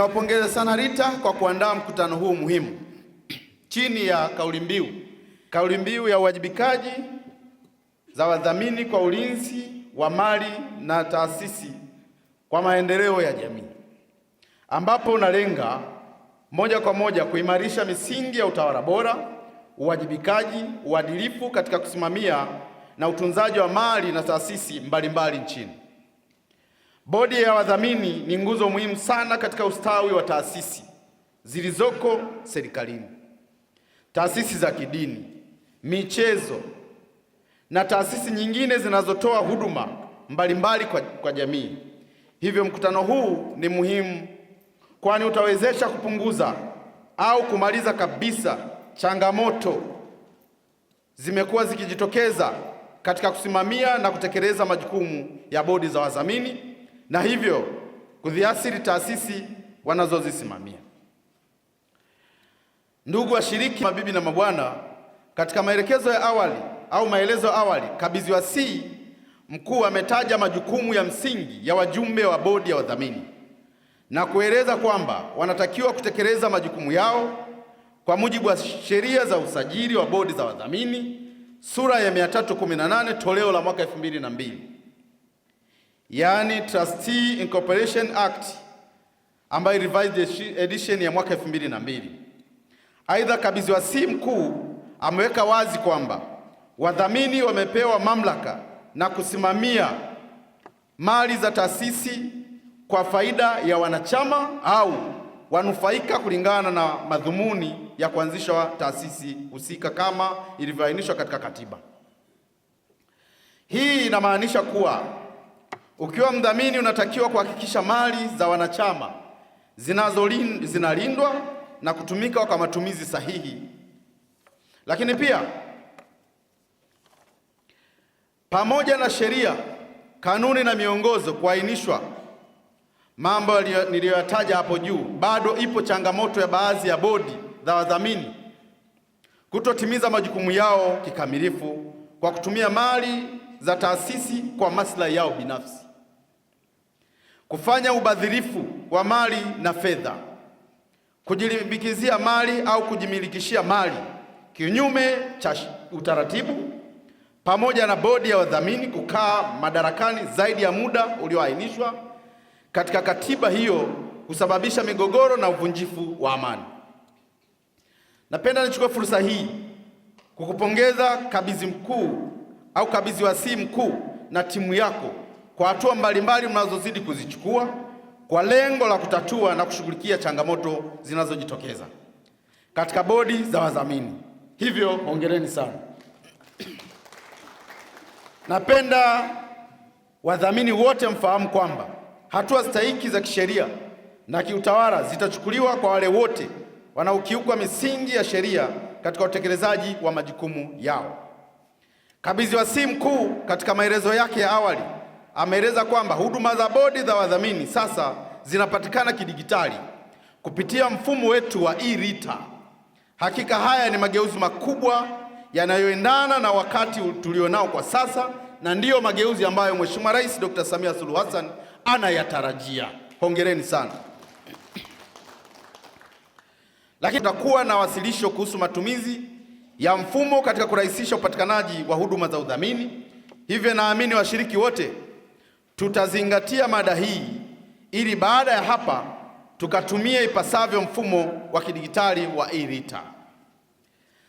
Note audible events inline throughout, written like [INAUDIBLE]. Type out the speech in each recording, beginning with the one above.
Nawapongeza sana Rita kwa kuandaa mkutano huu muhimu chini ya kauli mbiu kauli mbiu ya uwajibikaji za wadhamini kwa ulinzi wa mali na taasisi kwa maendeleo ya jamii, ambapo unalenga moja kwa moja kuimarisha misingi ya utawala bora, uwajibikaji, uadilifu katika kusimamia na utunzaji wa mali na taasisi mbalimbali nchini. Bodi ya wadhamini ni nguzo muhimu sana katika ustawi wa taasisi zilizoko serikalini, taasisi za kidini, michezo na taasisi nyingine zinazotoa huduma mbalimbali kwa, kwa jamii. Hivyo mkutano huu ni muhimu, kwani utawezesha kupunguza au kumaliza kabisa changamoto zimekuwa zikijitokeza katika kusimamia na kutekeleza majukumu ya bodi za wadhamini na hivyo kudhiasiri taasisi wanazozisimamia. Ndugu washiriki, mabibi na mabwana, katika maelekezo ya awali au maelezo awali, kabidhi wasii mkuu ametaja majukumu ya msingi ya wajumbe wa bodi ya wadhamini na kueleza kwamba wanatakiwa kutekeleza majukumu yao kwa mujibu wa sheria za usajili wa bodi za wadhamini sura ya 318 toleo la mwaka mbili yaani Trustee Incorporation Act ambayo revised edition ya mwaka 2002. Aidha, kabidhi wa si mkuu ameweka wazi kwamba wadhamini wamepewa mamlaka na kusimamia mali za taasisi kwa faida ya wanachama au wanufaika kulingana na madhumuni ya kuanzishwa taasisi husika kama ilivyoainishwa katika katiba. Hii inamaanisha kuwa ukiwa mdhamini, unatakiwa kuhakikisha mali za wanachama zinalindwa na kutumika kwa matumizi sahihi. Lakini pia pamoja na sheria, kanuni na miongozo kuainishwa mambo niliyoyataja hapo juu, bado ipo changamoto ya baadhi ya bodi za wadhamini kutotimiza majukumu yao kikamilifu kwa kutumia mali za taasisi kwa maslahi yao binafsi kufanya ubadhirifu wa mali na fedha, kujilimbikizia mali au kujimilikishia mali kinyume cha utaratibu, pamoja na bodi ya wadhamini kukaa madarakani zaidi ya muda ulioainishwa katika katiba hiyo, kusababisha migogoro na uvunjifu wa amani. Napenda nichukue fursa hii kukupongeza kabidhi mkuu au kabidhi wasii mkuu na timu yako kwa hatua mbalimbali mnazozidi kuzichukua kwa lengo la kutatua na kushughulikia changamoto zinazojitokeza katika bodi za wadhamini. Hivyo hongereni sana. Napenda wadhamini wote mfahamu kwamba hatua stahiki za kisheria na kiutawala zitachukuliwa kwa wale wote wanaokiuka misingi ya sheria katika utekelezaji wa majukumu yao. Kabidhi Wasihi Mkuu katika maelezo yake ya awali ameeleza kwamba huduma za bodi za wadhamini sasa zinapatikana kidigitali kupitia mfumo wetu wa e-RITA. Hakika haya ni mageuzi makubwa yanayoendana na wakati tulionao kwa sasa na ndiyo mageuzi ambayo Mheshimiwa Rais Dr. Samia Suluhu Hassan anayatarajia. Hongereni sana. Lakini tutakuwa na wasilisho kuhusu matumizi ya mfumo katika kurahisisha upatikanaji wa huduma za udhamini. Hivyo naamini washiriki wote Tutazingatia mada hii ili baada ya hapa tukatumie ipasavyo mfumo wa kidigitali wa e-RITA.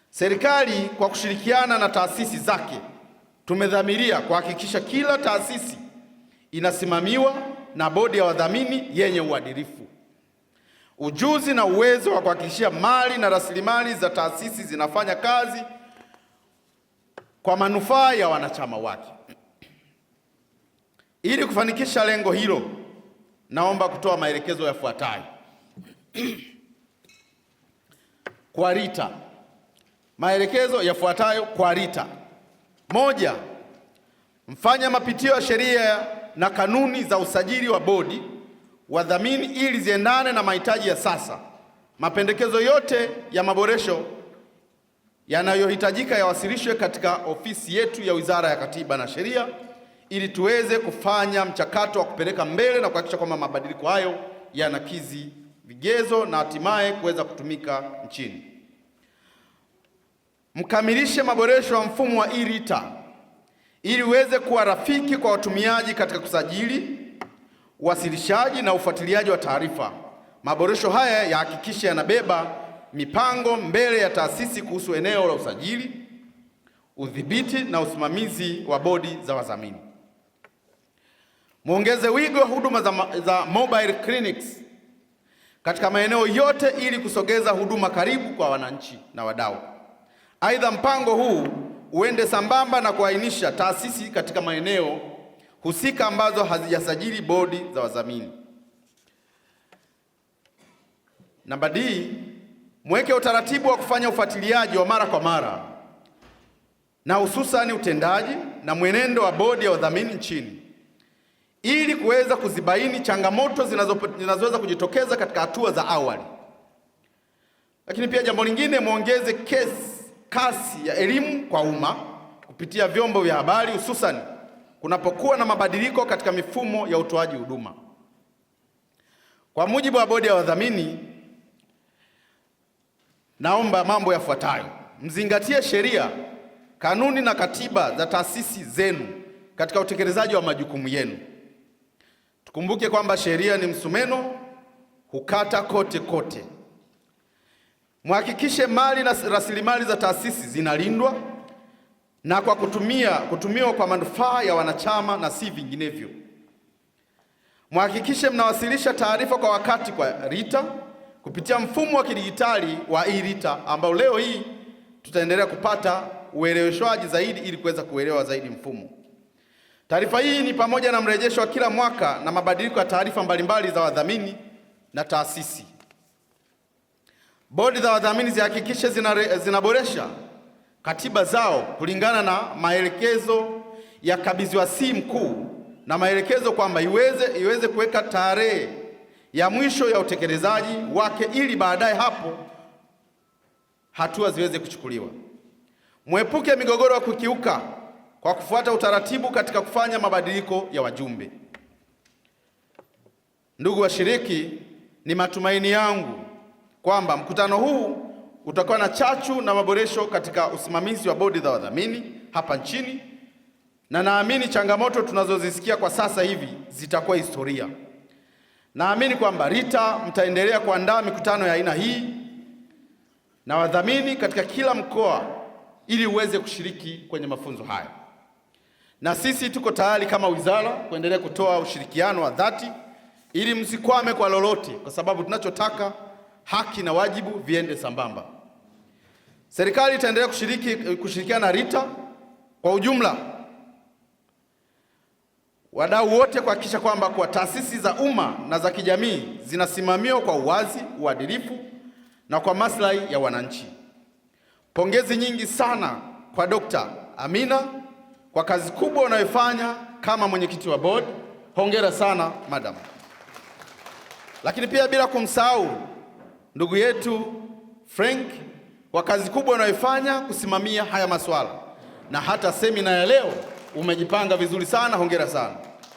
Serikali kwa kushirikiana na taasisi zake tumedhamiria kuhakikisha kila taasisi inasimamiwa na bodi ya wadhamini yenye uadilifu, ujuzi na uwezo wa kuhakikisha mali na rasilimali za taasisi zinafanya kazi kwa manufaa ya wanachama wake. Ili kufanikisha lengo hilo, naomba kutoa maelekezo yafuatayo [CLEARS THROAT] kwa RITA. Maelekezo yafuatayo kwa RITA. Moja, mfanya mapitio ya sheria na kanuni za usajili wa bodi wadhamini ili ziendane na mahitaji ya sasa. Mapendekezo yote ya maboresho yanayohitajika yawasilishwe katika ofisi yetu ya Wizara ya Katiba na Sheria ili tuweze kufanya mchakato wa kupeleka mbele na kuhakikisha kwamba mabadiliko hayo yanakidhi vigezo na hatimaye kuweza kutumika nchini. Mkamilishe maboresho ya mfumo wa e-RITA ili uweze kuwa rafiki kwa watumiaji katika kusajili, uwasilishaji na ufuatiliaji wa taarifa. Maboresho haya yahakikishe yanabeba mipango mbele ya taasisi kuhusu eneo la usajili, udhibiti na usimamizi wa bodi za wadhamini. Muongeze wigo wa huduma za, za mobile clinics katika maeneo yote ili kusogeza huduma karibu kwa wananchi na wadau. Aidha, mpango huu uende sambamba na kuainisha taasisi katika maeneo husika ambazo hazijasajili bodi za wadhamini. Namba D, mweke utaratibu wa kufanya ufuatiliaji wa mara kwa mara na hususani utendaji na mwenendo wa bodi ya wadhamini nchini ili kuweza kuzibaini changamoto zinazoweza kujitokeza katika hatua za awali. Lakini pia jambo lingine, mwongeze kasi ya elimu kwa umma kupitia vyombo vya habari, hususan kunapokuwa na mabadiliko katika mifumo ya utoaji huduma. Kwa mujibu wa bodi ya wadhamini, naomba mambo yafuatayo: mzingatie sheria, kanuni na katiba za taasisi zenu katika utekelezaji wa majukumu yenu. Kumbuke kwamba sheria ni msumeno hukata kote kote. Mhakikishe mali na rasilimali za taasisi zinalindwa na kwa kutumia kutumiwa kwa manufaa ya wanachama na si vinginevyo. Mhakikishe mnawasilisha taarifa kwa wakati kwa RITA kupitia mfumo wa kidijitali wa e-RITA ambao leo hii tutaendelea kupata ueleweshwaji zaidi ili kuweza kuelewa zaidi mfumo. Taarifa hii ni pamoja na mrejesho wa kila mwaka na mabadiliko ya taarifa mbalimbali za wadhamini na taasisi. Bodi za wadhamini zihakikishe zinaboresha katiba zao kulingana na maelekezo ya si mkuu na maelekezo kwamba iweze, iweze kuweka tarehe ya mwisho ya utekelezaji wake ili baadaye hapo hatua ziweze kuchukuliwa. Mwepuke migogoro ya kukiuka kwa kufuata utaratibu katika kufanya mabadiliko ya wajumbe. Ndugu washiriki, ni matumaini yangu kwamba mkutano huu utakuwa na chachu na maboresho katika usimamizi wa bodi za wadhamini hapa nchini, na naamini changamoto tunazozisikia kwa sasa hivi zitakuwa historia. Naamini kwamba RITA mtaendelea kuandaa mikutano ya aina hii na wadhamini katika kila mkoa ili uweze kushiriki kwenye mafunzo haya na sisi tuko tayari kama wizara kuendelea kutoa ushirikiano wa dhati ili msikwame kwa lolote, kwa sababu tunachotaka haki na wajibu viende sambamba. Serikali itaendelea kushiriki kushirikiana na RITA kwa ujumla, wadau wote kuhakikisha kwamba kwa taasisi za umma na za kijamii zinasimamiwa kwa uwazi, uadilifu na kwa maslahi ya wananchi. Pongezi nyingi sana kwa Dkt. Amina kwa kazi kubwa unayofanya kama mwenyekiti wa board. Hongera sana madam. Lakini pia bila kumsahau ndugu yetu Frank kwa kazi kubwa unayofanya kusimamia haya masuala, na hata semina ya leo umejipanga vizuri sana. Hongera sana.